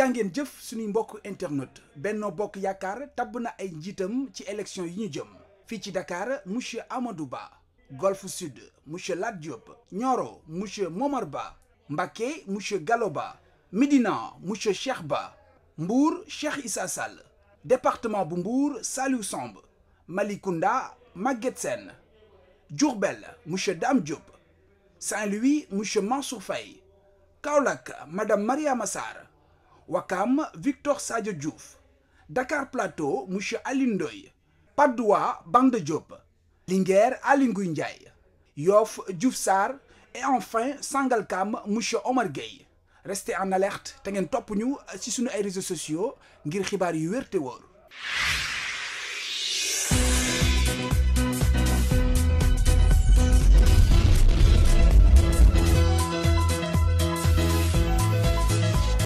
jàngeen jëf suñuy mbokk internet Benno Bokk Yaakaar tabb na ay njiitam ci élection yi ñu jëm fii ci Dakar monsieur Amadou Ba Golf Sud monsieur Lat Diop Nioro monsieur Momar Ba Mbacké monsieur Gallo Ba Médina monsieur Cheikh Ba Mbour Cheikh Issa Sall bu Mbour Saliou Samb Malicounda Maguette Sène Diourbel monsieur Dame Diop Saint-Louis monsieur Mansour Faye Kaolack madame Mariama masar Wakam Victor Sadio Diouf Dakar Plateau monsieur Alioune Ndoye Patte d'Oie Banda Diop Linguère Aly Ngouille Ndiaye Yoff Diouf Sarr et enfin Sangalkam monsieur Omar Gueye restez en alerte te ngeen topp ñu ci suñu ay réseaux sociaux ngir xibaar yu wérte te